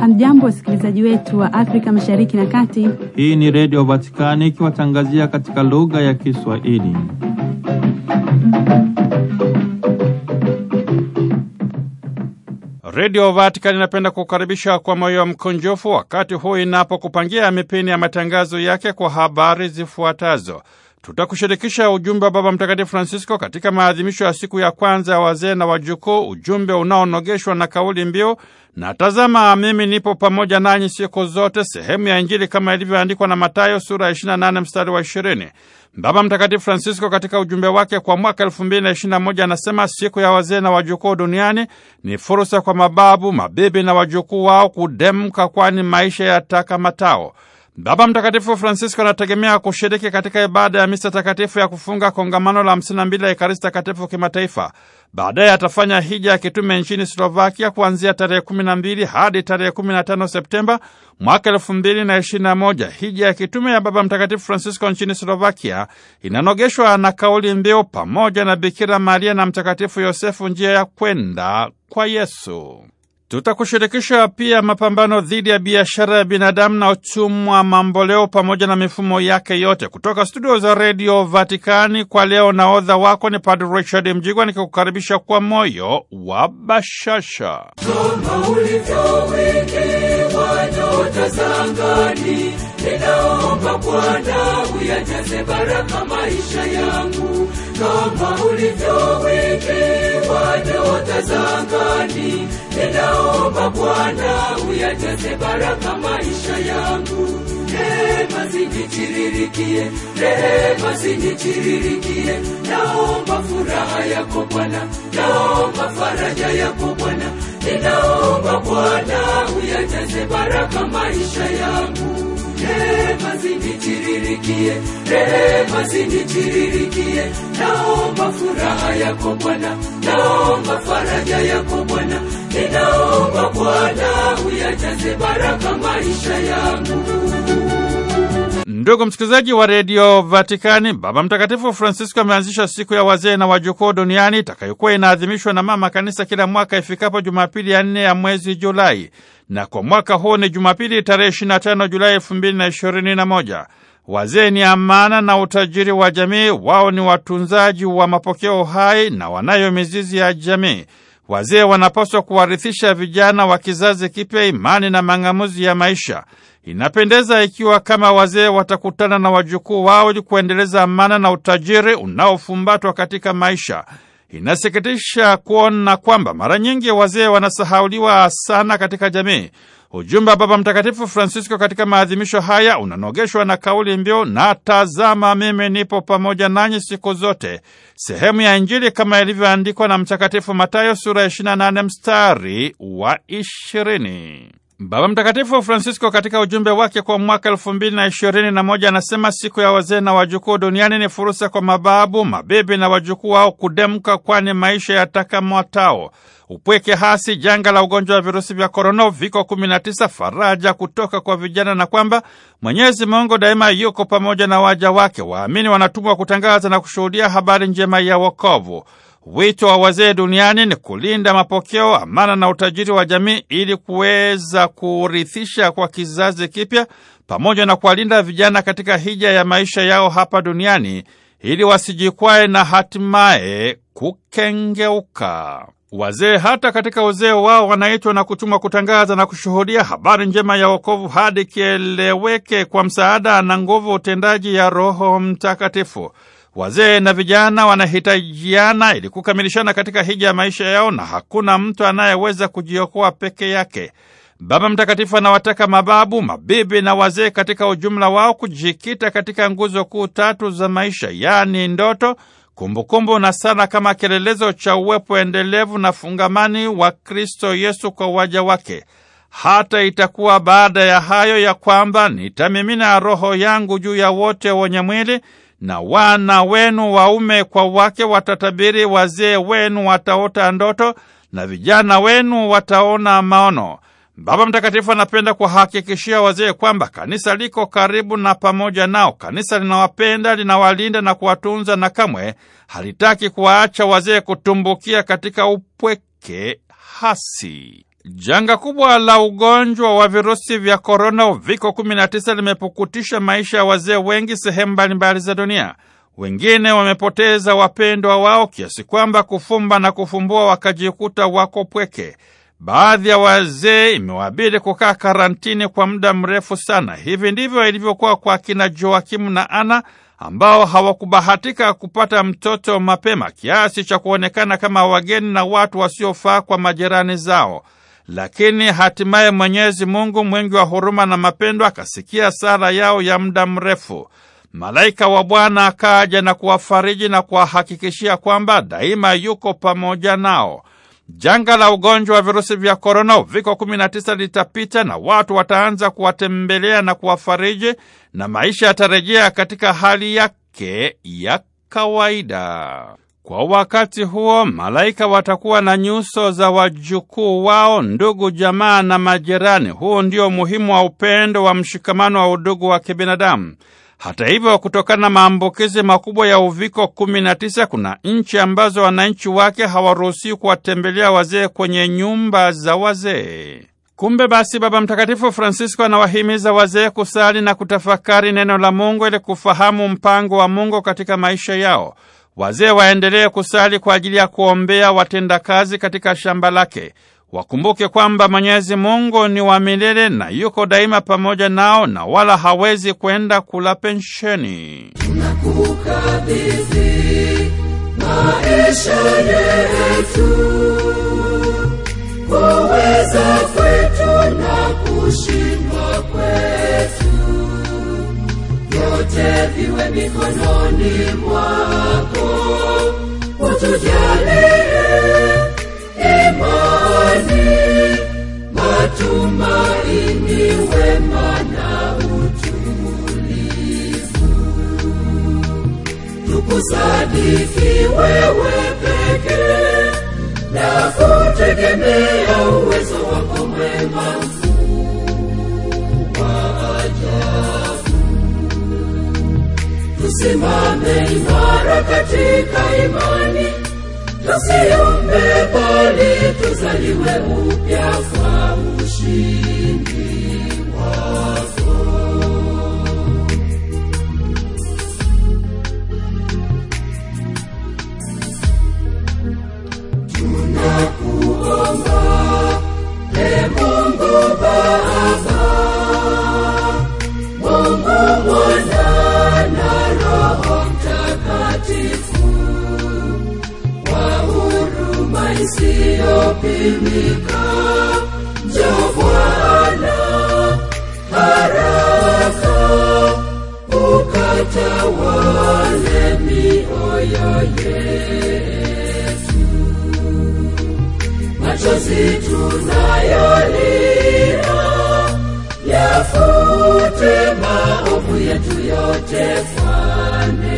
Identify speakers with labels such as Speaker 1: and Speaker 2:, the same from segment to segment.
Speaker 1: Hamjambo, wasikilizaji wetu wa Afrika Mashariki na Kati.
Speaker 2: Hii ni Redio Vatikani ikiwatangazia katika lugha ya Kiswahili. Redio Vatikani inapenda kukaribisha kwa moyo wa mkunjufu wakati huu inapokupangia mipini ya matangazo yake kwa habari zifuatazo tutakushirikisha ujumbe wa Baba Mtakatifu Francisco katika maadhimisho ya siku ya kwanza ya wazee na wajukuu, ujumbe unaonogeshwa na kauli mbiu na tazama mimi nipo pamoja nanyi siku zote, sehemu ya Injili kama ilivyoandikwa na matayo sura ya 28 mstari wa 20. Baba Mtakatifu Francisco katika ujumbe wake kwa mwaka 2021 anasema siku ya wazee na wajukuu duniani ni fursa kwa mababu, mabibi na wajukuu wao kudemka, kwani maisha yatakamatao Baba Mtakatifu Francisco anategemea kushiriki katika ibada ya misa takatifu ya kufunga kongamano la 52 la Ekaristi Takatifu kimataifa. Baadaye atafanya hija ya kitume nchini Slovakia kuanzia tarehe 12 hadi tarehe 15 Septemba mwaka 2021. Hija ya kitume ya Baba Mtakatifu Francisco nchini Slovakia inanogeshwa na kauli mbiu pamoja na Bikira Maria na Mtakatifu Yosefu, njia ya kwenda kwa Yesu. Tutakushirikisha pia mapambano dhidi ya biashara ya binadamu na utumwa mamboleo pamoja na mifumo yake yote. Kutoka studio za redio Vatikani kwa leo, naodha wako ni Padre Richard Mjigwa nikikukaribisha kwa moyo wa bashasha
Speaker 1: kama ulivyowekewa nyota za Ninaomba Bwana uyajaze baraka maisha yangu kama watazamani ninaomba e Bwana uyajaze baraka maisha yangu. Rehema zinichiririkie, rehema zinichiririkie, naomba furaha yako Bwana, naomba faraja yako Bwana, ninaomba e Bwana uyajaze baraka maisha yangu rehema zinitiririkie,
Speaker 2: rehema
Speaker 1: zinitiririkie. Naomba furaha yako Bwana, naomba faraja yako Bwana, ninaomba Bwana uyajaze baraka maisha yangu.
Speaker 2: Ndugu msikilizaji wa redio Vatikani, Baba Mtakatifu Francisco ameanzisha siku ya wazee na wajukuu duniani itakayokuwa inaadhimishwa na mama kanisa kila mwaka ifikapo Jumapili ya nne ya mwezi Julai, na kwa mwaka huu ni Jumapili tarehe 25 Julai 2021. Wazee ni amana na utajiri wa jamii. Wao ni watunzaji wa mapokeo hai na wanayo mizizi ya jamii. Wazee wanapaswa kuwarithisha vijana wa kizazi kipya imani na mang'amuzi ya maisha. Inapendeza ikiwa kama wazee watakutana na wajukuu wao ili kuendeleza amana na utajiri unaofumbatwa katika maisha. Inasikitisha kuona kwamba mara nyingi wazee wanasahauliwa sana katika jamii. Ujumbe wa Baba Mtakatifu Francisco katika maadhimisho haya unanogeshwa na kauli mbiu na tazama mimi nipo pamoja nanyi siku zote, sehemu ya Injili kama ilivyoandikwa na Mtakatifu matayo sura 28 mstari wa 20. Baba Mtakatifu Francisco katika ujumbe wake kwa mwaka elfu mbili na ishirini na moja anasema siku ya wazee na wajukuu duniani ni fursa kwa mababu, mabibi na wajukuu wao kudemka, kwani maisha yatakamwatao upweke hasi, janga la ugonjwa wa virusi vya korona, uviko 19, faraja kutoka kwa vijana, na kwamba Mwenyezi Mungu daima yuko pamoja na waja wake. Waamini wanatumwa kutangaza na kushuhudia habari njema ya wokovu. Wito wa wazee duniani ni kulinda mapokeo, amana na utajiri wa jamii ili kuweza kuurithisha kwa kizazi kipya, pamoja na kuwalinda vijana katika hija ya maisha yao hapa duniani ili wasijikwae na hatimaye kukengeuka. Wazee hata katika uzee wao wanaitwa na kutumwa kutangaza na kushuhudia habari njema ya wokovu hadi kieleweke kwa msaada na nguvu utendaji ya Roho Mtakatifu. Wazee na vijana wanahitajiana ili kukamilishana katika hija ya maisha yao, na hakuna mtu anayeweza kujiokoa peke yake. Baba Mtakatifu anawataka mababu, mabibi na wazee katika ujumla wao kujikita katika nguzo kuu tatu za maisha, yaani ndoto, kumbukumbu kumbu na sala, kama kielelezo cha uwepo endelevu na fungamani wa Kristo Yesu kwa waja wake. Hata itakuwa baada ya hayo ya kwamba nitamimina roho yangu juu ya wote wenye mwili na wana wenu waume kwa wake watatabiri, wazee wenu wataota ndoto, na vijana wenu wataona maono. Baba Mtakatifu anapenda kuwahakikishia wazee kwamba kanisa liko karibu na pamoja nao. Kanisa linawapenda, linawalinda na kuwatunza, na kamwe halitaki kuwaacha wazee kutumbukia katika upweke hasi. Janga kubwa la ugonjwa wa virusi vya korona uviko 19 limepukutisha maisha ya wazee wengi sehemu mbalimbali za dunia. Wengine wamepoteza wapendwa wao kiasi kwamba kufumba na kufumbua wakajikuta wako pweke. Baadhi ya wazee imewabidi kukaa karantini kwa muda mrefu sana. Hivi ndivyo ilivyokuwa kwa kina Joakimu na Ana ambao hawakubahatika kupata mtoto mapema kiasi cha kuonekana kama wageni na watu wasiofaa kwa majirani zao lakini hatimaye Mwenyezi Mungu mwingi wa huruma na mapendo akasikia sala yao ya muda mrefu. Malaika wa Bwana akaja na kuwafariji na kuwahakikishia kwamba daima yuko pamoja nao. Janga la ugonjwa wa virusi vya korona uviko 19 litapita na watu wataanza kuwatembelea na kuwafariji na maisha yatarejea katika hali yake ya kawaida. Kwa wakati huo malaika watakuwa na nyuso za wajukuu wao, ndugu, jamaa na majirani. Huu ndio umuhimu wa upendo wa mshikamano wa udugu wa kibinadamu. Hata hivyo, kutokana na maambukizi makubwa ya uviko 19, kuna nchi ambazo wananchi wake hawaruhusiwi kuwatembelea wazee kwenye nyumba za wazee. Kumbe basi, Baba Mtakatifu Francisco anawahimiza wazee kusali na kutafakari neno la Mungu ili kufahamu mpango wa Mungu katika maisha yao. Wazee waendelee kusali kwa ajili ya kuombea watendakazi katika shamba lake. Wakumbuke kwamba Mwenyezi Mungu ni wa milele na yuko daima pamoja nao na wala hawezi kwenda kula pensheni.
Speaker 1: Tunakukabidhi maisha yetu, na kushindwa kwetu vyote viwe mikononi mwako utujalie imani matumaini wema na utulivu tukusadiki wewe pekee na
Speaker 2: kutegemea
Speaker 1: uwezo wako mwema tusimame imara katika imani tusiombe bali tuzaliwe upya kwa ushindi wako tunakuomba e mungu baba isiyopimika njoo bwana haraka
Speaker 2: ukatawale mioyo yetu machozi tunayolia
Speaker 1: yafute maovu yetu yote fane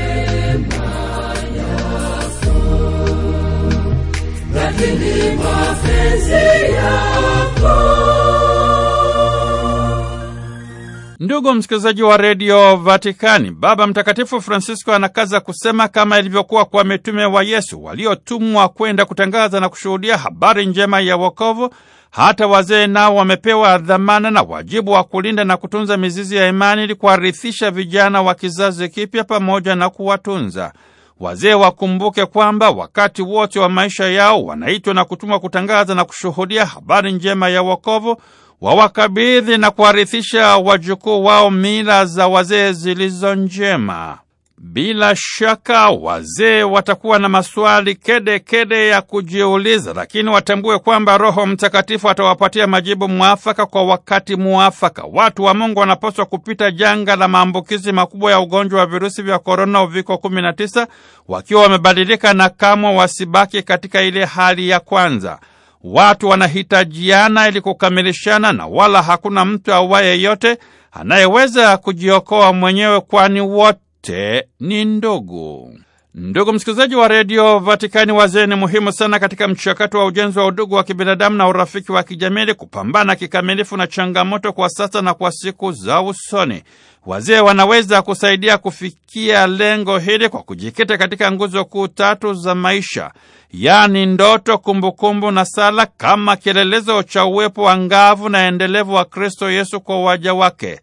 Speaker 2: Ndugu msikilizaji wa redio Vatikani, Baba Mtakatifu Francisco anakaza kusema kama ilivyokuwa kwa mitume wa Yesu waliotumwa kwenda kutangaza na kushuhudia habari njema ya wokovu, hata wazee nao wamepewa dhamana na wajibu wa kulinda na kutunza mizizi ya imani ili kuwarithisha vijana wa kizazi kipya pamoja na kuwatunza. Wazee wakumbuke kwamba wakati wote wa maisha yao wanaitwa na kutumwa kutangaza na kushuhudia habari njema ya wokovu, wawakabidhi na kuwarithisha wajukuu wao mila za wazee zilizo njema. Bila shaka wazee watakuwa na maswali kede kede ya kujiuliza, lakini watambue kwamba Roho Mtakatifu atawapatia majibu mwafaka kwa wakati mwafaka. Watu wa Mungu wanapaswa kupita janga la maambukizi makubwa ya ugonjwa wa virusi vya korona, uviko 19, wakiwa wamebadilika na kamwe wasibaki katika ile hali ya kwanza. Watu wanahitajiana ili kukamilishana, na wala hakuna mtu awaye yote anayeweza kujiokoa mwenyewe, kwani wote zote ni ndugu. Ndugu msikilizaji wa redio Vatikani, wazee ni muhimu sana katika mchakato wa ujenzi wa udugu wa kibinadamu na urafiki wa kijamii, kupambana kikamilifu na changamoto kwa sasa na kwa siku za usoni. Wazee wanaweza kusaidia kufikia lengo hili kwa kujikita katika nguzo kuu tatu za maisha, yaani ndoto, kumbukumbu -kumbu na sala, kama kielelezo cha uwepo wa ngavu na endelevu wa Kristo Yesu kwa waja wake.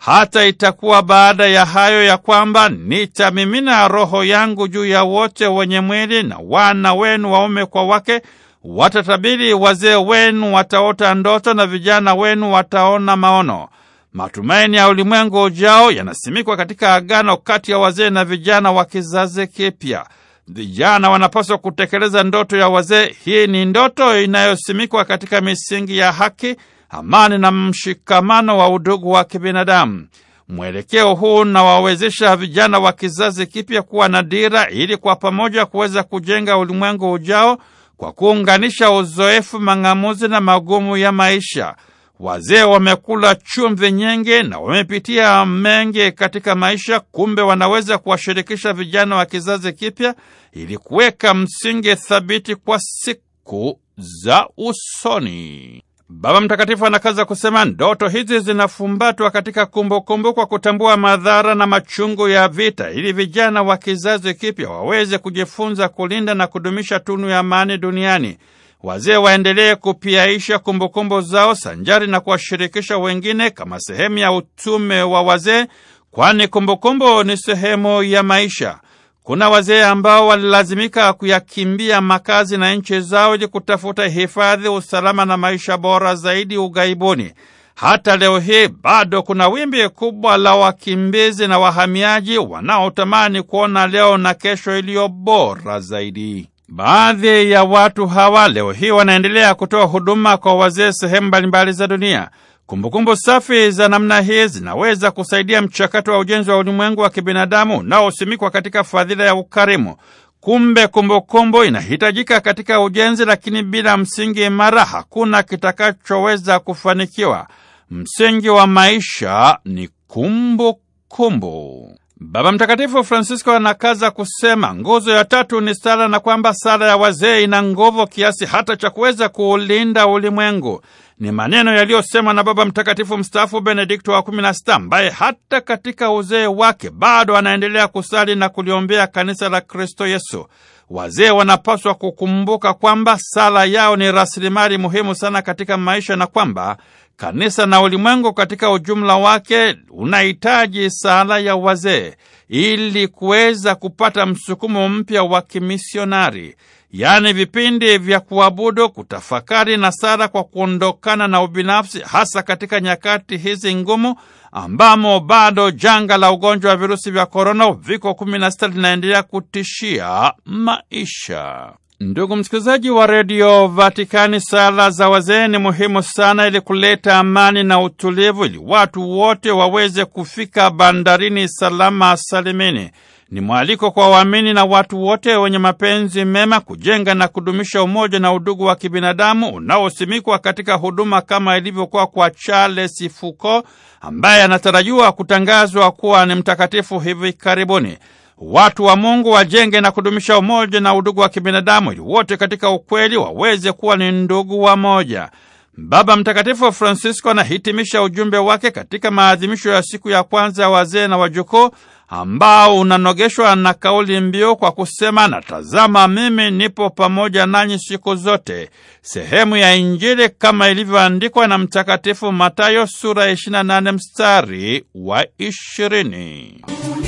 Speaker 2: Hata itakuwa baada ya hayo ya kwamba nitamimina roho yangu juu ya wote wenye mwili, na wana wenu waume kwa wake watatabiri, wazee wenu wataota ndoto, na vijana wenu wataona maono. Matumaini ya ulimwengu ujao yanasimikwa katika agano kati ya wazee na vijana wa kizazi kipya. Vijana wanapaswa kutekeleza ndoto ya wazee. Hii ni ndoto inayosimikwa katika misingi ya haki amani na mshikamano wa udugu wa kibinadamu. Mwelekeo huu unawawezesha vijana wa kizazi kipya kuwa na dira ili kwa pamoja kuweza kujenga ulimwengu ujao kwa kuunganisha uzoefu, mang'amuzi na magumu ya maisha. Wazee wamekula chumvi nyingi na wamepitia mengi katika maisha, kumbe wanaweza kuwashirikisha vijana wa kizazi kipya ili kuweka msingi thabiti kwa siku za usoni. Baba Mtakatifu anakaza kusema ndoto hizi zinafumbatwa katika kumbukumbu kumbu kwa kutambua madhara na machungu ya vita, ili vijana wa kizazi kipya waweze kujifunza kulinda na kudumisha tunu ya amani duniani. Wazee waendelee kupiaisha kumbukumbu zao sanjari na kuwashirikisha wengine kama sehemu ya utume wa wazee, kwani kumbukumbu ni sehemu ya maisha. Kuna wazee ambao walilazimika kuyakimbia makazi na nchi zao ili kutafuta hifadhi, usalama na maisha bora zaidi ughaibuni. Hata leo hii bado kuna wimbi kubwa la wakimbizi na wahamiaji wanaotamani kuona leo na kesho iliyo bora zaidi. Baadhi ya watu hawa leo hii wanaendelea kutoa huduma kwa wazee sehemu mbalimbali za dunia. Kumbukumbu safi za namna hii zinaweza kusaidia mchakato wa ujenzi wa ulimwengu wa kibinadamu unaosimikwa katika fadhila ya ukarimu. Kumbe kumbukumbu inahitajika katika ujenzi, lakini bila msingi imara hakuna kitakachoweza kufanikiwa. Msingi wa maisha ni kumbukumbu kumbu. Baba Mtakatifu Francisco anakaza kusema nguzo ya tatu ni sala, na kwamba sala ya wazee ina nguvu kiasi hata cha kuweza kuulinda ulimwengu. Ni maneno yaliyosemwa na Baba Mtakatifu mstaafu Benedikto wa 16 ambaye hata katika uzee wake bado anaendelea kusali na kuliombea kanisa la Kristo Yesu. Wazee wanapaswa kukumbuka kwamba sala yao ni rasilimali muhimu sana katika maisha na kwamba kanisa na ulimwengu katika ujumla wake unahitaji sala ya wazee ili kuweza kupata msukumo mpya wa kimisionari, yaani vipindi vya kuabudu, kutafakari na sala kwa kuondokana na ubinafsi, hasa katika nyakati hizi ngumu ambamo bado janga la ugonjwa wa virusi vya korona uviko 16 linaendelea kutishia maisha. Ndugu msikilizaji wa redio Vatikani, sala za wazee ni muhimu sana ili kuleta amani na utulivu, ili watu wote waweze kufika bandarini salama salimini. Ni mwaliko kwa waamini na watu wote wenye mapenzi mema kujenga na kudumisha umoja na udugu wa kibinadamu unaosimikwa katika huduma kama ilivyokuwa kwa Charles Foucault ambaye anatarajiwa kutangazwa kuwa ni mtakatifu hivi karibuni. Watu wa Mungu wajenge na kudumisha umoja na udugu wa kibinadamu ili wote katika ukweli waweze kuwa ni ndugu wamoja. Baba Mtakatifu Francisco anahitimisha ujumbe wake katika maadhimisho ya siku ya kwanza ya wazee na wajukuu ambao unanogeshwa na kauli mbiu kwa kusema na tazama, mimi nipo pamoja nanyi siku zote, sehemu ya Injili kama ilivyoandikwa na Mtakatifu Matayo sura 28 mstari wa 20.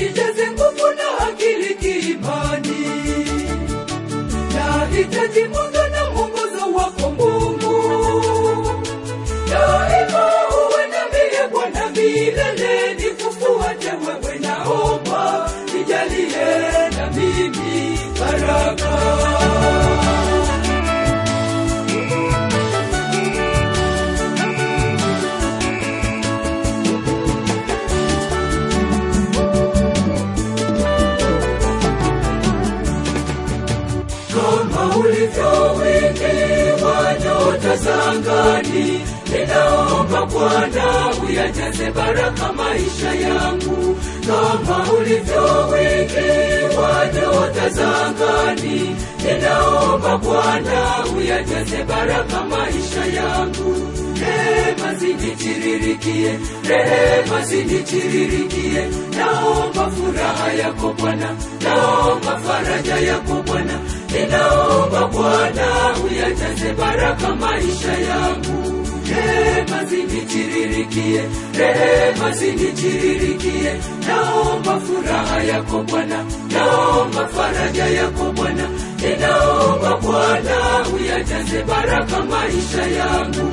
Speaker 1: ujaze baraka maisha yangu, rehema zinitiririkie, rehema zinitiririkie. Naomba furaha yako Bwana, naomba faraja yako Bwana, ninaomba Bwana uyajaze baraka maisha yangu rehema zinitiririkie, rehema zinitiririkie. Naomba furaha yako Bwana, naomba faraja yako Bwana, ninaomba Bwana uyajaze baraka maisha yangu.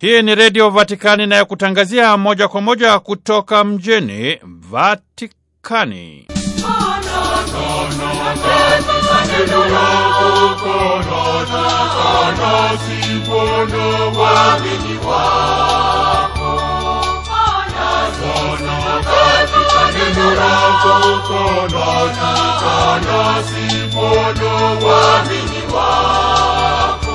Speaker 2: Hii ni Redio Vatikani inayokutangazia moja kwa moja kutoka mjini Vatikani.
Speaker 1: murako ukono kitana si mwono waamini wako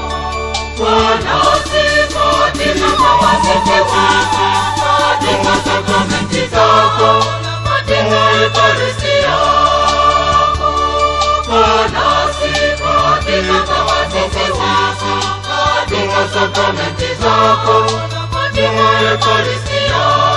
Speaker 1: wanaosikoti na mawasitewaka katika sakramenti zako katika ekaristi yako wanaosikoti na mawasitewaka katika sakramenti zako katika ekaristi yako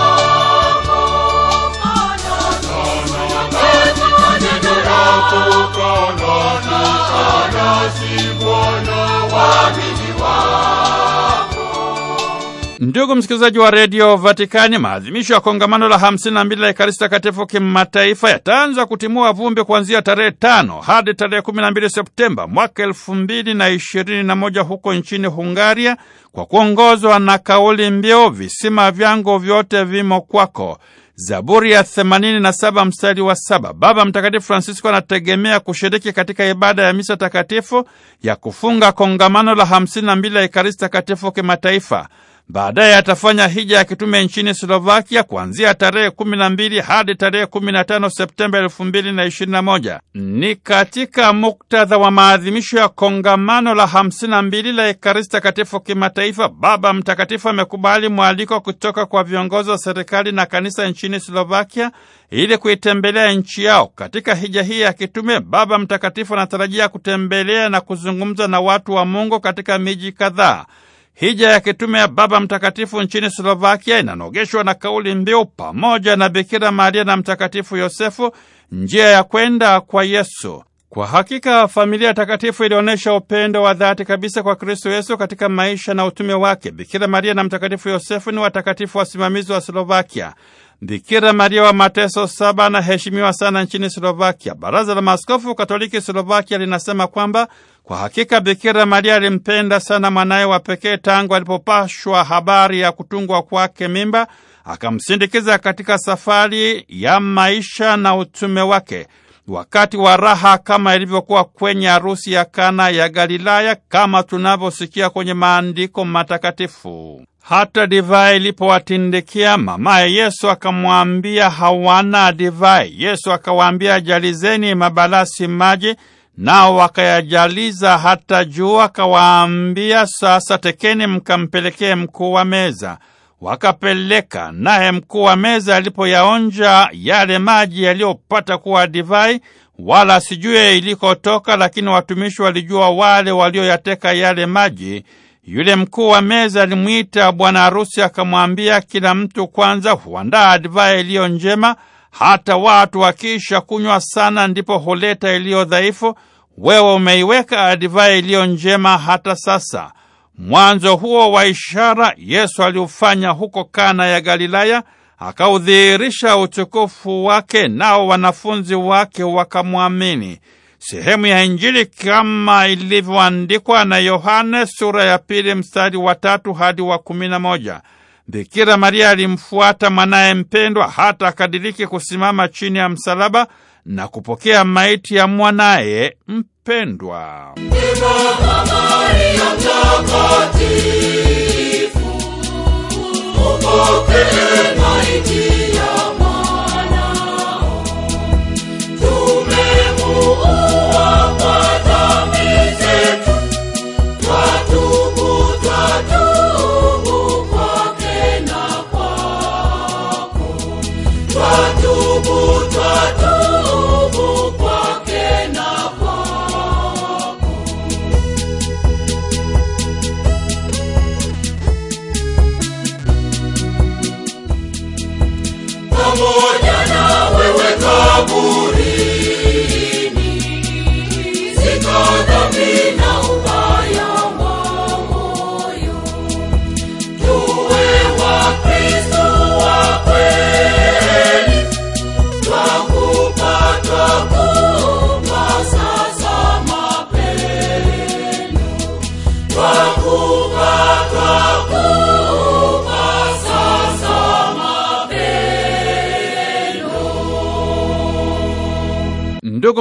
Speaker 2: Ndugu msikilizaji wa redio Vatikani, maadhimisho ya kongamano la 52 la Ekaristi Takatifu kimataifa yataanza kutimua vumbi kuanzia tarehe tano hadi tarehe 12 Septemba mwaka 221 huko nchini Hungaria, kwa kuongozwa na kauli mbiu visima vyangu vyote vimo kwako. Zaburi ya 87 mstari wa saba. Baba Mtakatifu Francisco anategemea kushiriki katika ibada ya misa takatifu ya kufunga kongamano la 52 la Ekaristi Takatifu kimataifa. Baadaye atafanya hija ya kitume nchini Slovakia kuanzia tarehe 12 hadi tarehe 15 Septemba 2021. Ni katika muktadha wa maadhimisho ya kongamano la 52 la Ekaristi Takatifu kimataifa, Baba Mtakatifu amekubali mwaliko kutoka kwa viongozi wa serikali na kanisa nchini Slovakia ili kuitembelea nchi yao. Katika hija hii ya kitume, Baba Mtakatifu anatarajia kutembelea na kuzungumza na watu wa Mungu katika miji kadhaa. Hija ya kitume ya Baba Mtakatifu nchini Slovakia inanogeshwa na kauli mbiu pamoja na Bikira Maria na Mtakatifu Yosefu, njia ya kwenda kwa Yesu. Kwa hakika familia takatifu ilionyesha upendo wa dhati kabisa kwa Kristo Yesu katika maisha na utume wake. Bikira Maria na Mtakatifu Yosefu ni watakatifu wasimamizi wa Slovakia. Bikira Maria wa mateso saba anaheshimiwa sana nchini Slovakia. Baraza la Maaskofu Katoliki Slovakia linasema kwamba kwa hakika Bikira Maria alimpenda sana mwanaye wa pekee tangu alipopashwa habari ya kutungwa kwake mimba, akamsindikiza katika safari ya maisha na utume wake wakati wa raha, kama ilivyokuwa kwenye harusi ya Kana ya Galilaya, kama tunavyosikia kwenye maandiko matakatifu hata divai ilipowatindikia, mamaye Yesu akamwambia hawana divai. Yesu akawaambia, jalizeni mabalasi maji, nao wakayajaliza hata juu. Akawaambia, sasa tekeni mkampelekee mkuu wa meza. Wakapeleka. Naye mkuu wa meza alipoyaonja yale maji yaliyopata kuwa divai, wala sijue ilikotoka, lakini watumishi walijua wale walioyateka yale maji yule mkuu wa meza alimwita bwana harusi akamwambia, kila mtu kwanza huandaa divai iliyo njema, hata watu wakisha kunywa sana ndipo huleta iliyo dhaifu. Wewe umeiweka divai iliyo njema hata sasa. Mwanzo huo wa ishara Yesu aliufanya huko Kana ya Galilaya, akaudhihirisha utukufu wake, nao wanafunzi wake wakamwamini sehemu ya Injili kama ilivyoandikwa na Yohane sura ya pili mstari wa tatu hadi wa kumi na moja. Bikira Maria alimfuata mwanaye mpendwa hata akadiriki kusimama chini ya msalaba na kupokea maiti ya mwanaye mpendwa.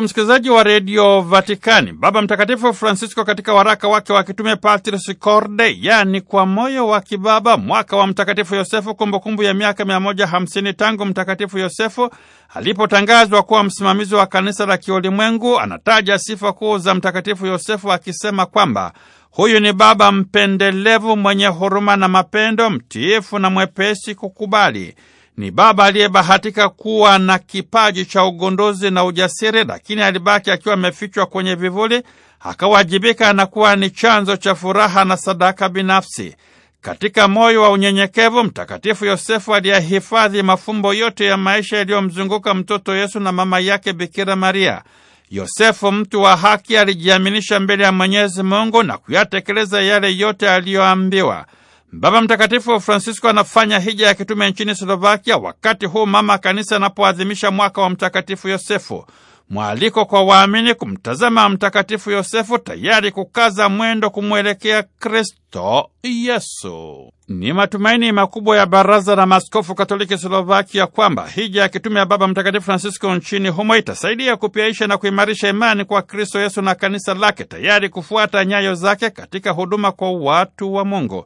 Speaker 2: msikilizaji wa redio Vatikani, Baba Mtakatifu Francisco katika waraka wake wa kitume Patris Corde, yaani kwa moyo wa kibaba, mwaka wa Mtakatifu Yosefu, kumbukumbu ya miaka 150 tangu Mtakatifu Yosefu alipotangazwa kuwa msimamizi wa kanisa la kiulimwengu, anataja sifa kuu za Mtakatifu Yosefu akisema kwamba huyu ni baba mpendelevu, mwenye huruma na mapendo, mtiifu na mwepesi kukubali ni baba aliyebahatika kuwa na kipaji cha ugondozi na ujasiri, lakini alibaki akiwa amefichwa kwenye vivuli, akawajibika na kuwa ni chanzo cha furaha na sadaka binafsi. Katika moyo wa unyenyekevu, Mtakatifu Yosefu aliyehifadhi mafumbo yote ya maisha yaliyomzunguka mtoto Yesu na mama yake Bikira Maria. Yosefu, mtu wa haki, alijiaminisha mbele ya Mwenyezi Mungu na kuyatekeleza yale yote aliyoambiwa. Baba Mtakatifu Francisco anafanya hija ya kitume nchini Slovakia wakati huu mama kanisa anapoadhimisha mwaka wa Mtakatifu Yosefu. Mwaliko kwa waamini kumtazama Mtakatifu Yosefu, tayari kukaza mwendo kumwelekea Kristo Yesu. Ni matumaini makubwa ya Baraza la Maaskofu Katoliki Slovakia kwamba hija ya kitume ya Baba Mtakatifu Francisco nchini humo itasaidia kupiaisha na kuimarisha imani kwa Kristo Yesu na kanisa lake, tayari kufuata nyayo zake katika huduma kwa watu wa Mungu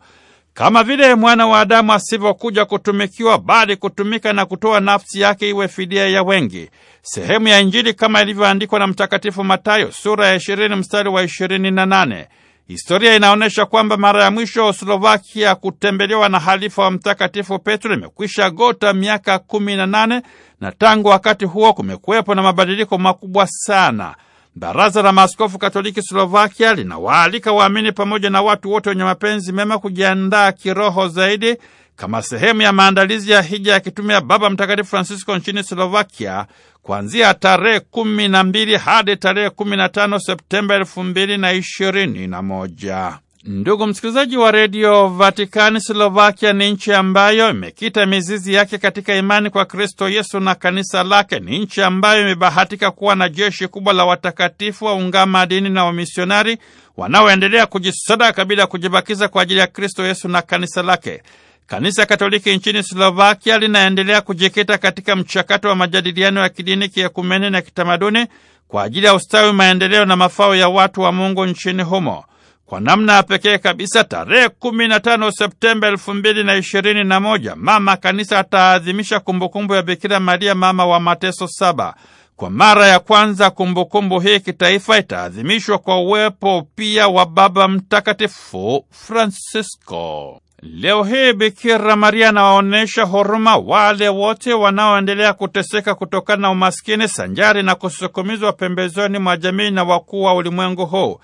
Speaker 2: kama vile mwana wa Adamu asivyokuja kutumikiwa, bali kutumika na kutoa nafsi yake iwe fidia ya wengi. Sehemu ya Injili kama ilivyoandikwa na Mtakatifu Matayo sura ya ishirini mstari wa ishirini na nane. Historia inaonyesha kwamba mara ya mwisho Slovakia kutembelewa na halifa wa Mtakatifu Petro imekwisha gota miaka kumi na nane na tangu wakati huo kumekuwepo na mabadiliko makubwa sana. Baraza la Maaskofu Katoliki Slovakia linawaalika waamini pamoja na watu wote wenye mapenzi mema kujiandaa kiroho zaidi kama sehemu ya maandalizi ya hija ya kitume ya Baba Mtakatifu Francisco nchini Slovakia kuanzia tarehe kumi na mbili hadi tarehe kumi na tano Septemba elfu mbili na ishirini na moja. Ndugu msikilizaji wa redio Vatikani, Slovakia ni nchi ambayo imekita mizizi yake katika imani kwa Kristo Yesu na kanisa lake. Ni nchi ambayo imebahatika kuwa na jeshi kubwa la watakatifu, ungama dini na wamisionari wanaoendelea kujisadaka bila kujibakiza kwa ajili ya Kristo Yesu na kanisa lake. Kanisa Katoliki nchini Slovakia linaendelea kujikita katika mchakato wa majadiliano ya kidini, kiekumene na kitamaduni kwa ajili ya ustawi, maendeleo na mafao ya watu wa Mungu nchini humo. Kwa namna ya pekee kabisa tarehe 15 Septemba 2021 mama kanisa ataadhimisha kumbukumbu ya Bikira Maria mama wa mateso saba. Kwa mara ya kwanza kumbukumbu hii kitaifa itaadhimishwa kwa uwepo pia wa Baba Mtakatifu Francisco. Leo hii Bikira Maria anawaonyesha huruma wale wote wanaoendelea kuteseka kutokana na umaskini sanjari na kusukumizwa pembezoni mwa jamii na wakuu wa ulimwengu huu.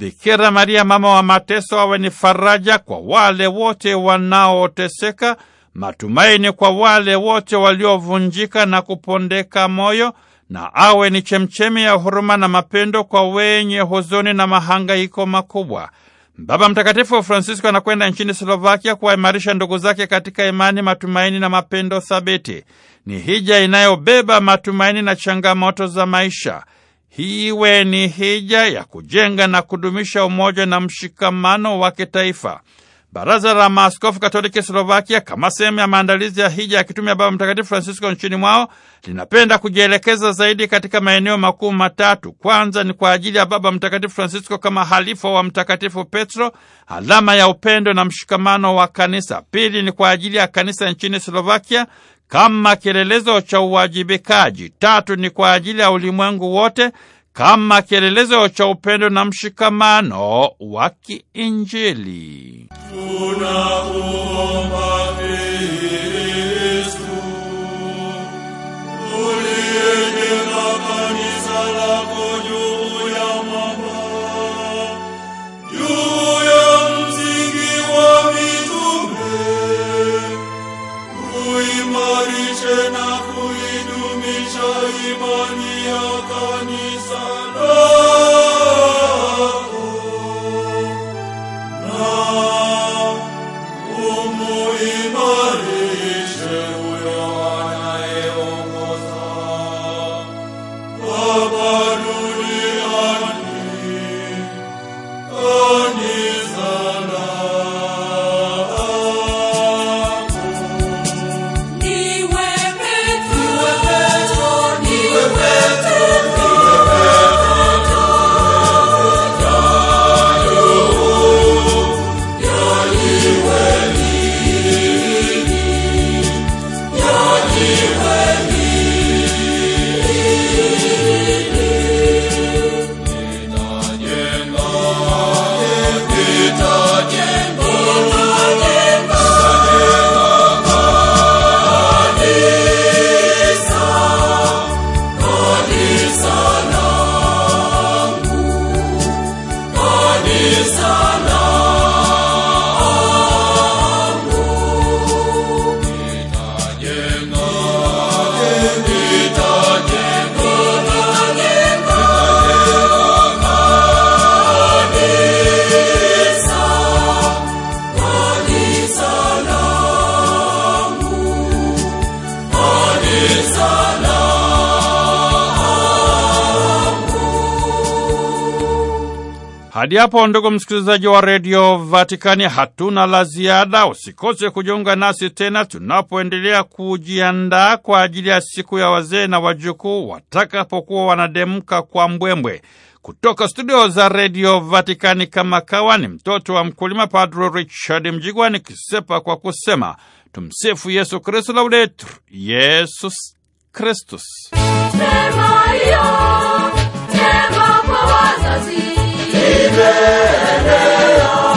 Speaker 2: Bikira Maria mama wa mateso awe ni faraja kwa wale wote wanaoteseka, matumaini kwa wale wote waliovunjika na kupondeka moyo, na awe ni chemchemi ya huruma na mapendo kwa wenye huzuni na mahangaiko makubwa. Baba Mtakatifu Francisco anakwenda nchini Slovakia kuwaimarisha ndugu zake katika imani, matumaini na mapendo thabiti. Ni hija inayobeba matumaini na changamoto za maisha hiwe ni hija ya kujenga na kudumisha umoja na mshikamano wa kitaifa. Baraza la Maaskofu Katoliki Slovakia, kama sehemu ya maandalizi ya hija ya kitume ya Baba Mtakatifu Francisco nchini mwao, linapenda kujielekeza zaidi katika maeneo makuu matatu. Kwanza ni kwa ajili ya Baba Mtakatifu Francisco kama halifa wa Mtakatifu Petro, alama ya upendo na mshikamano wa kanisa. Pili ni kwa ajili ya kanisa nchini Slovakia kama kielelezo cha uwajibikaji. Tatu ni kwa ajili ya ulimwengu wote kama kielelezo cha upendo na mshikamano wa kiinjili.
Speaker 1: Yesu Внимание!
Speaker 2: Hadi hapo ndugu msikilizaji wa redio Vatikani, hatuna la ziada. Usikose kujiunga nasi tena tunapoendelea kujiandaa kwa ajili ya siku ya wazee na wajukuu watakapokuwa wanademka kwa mbwembwe. Kutoka studio za redio Vatikani, kama kawa ni mtoto wa mkulima, Padre Richard Mjigwa nikisepa kwa kusema tumsifu Yesu Kristu, laudetur Yesus Kristus. Amen.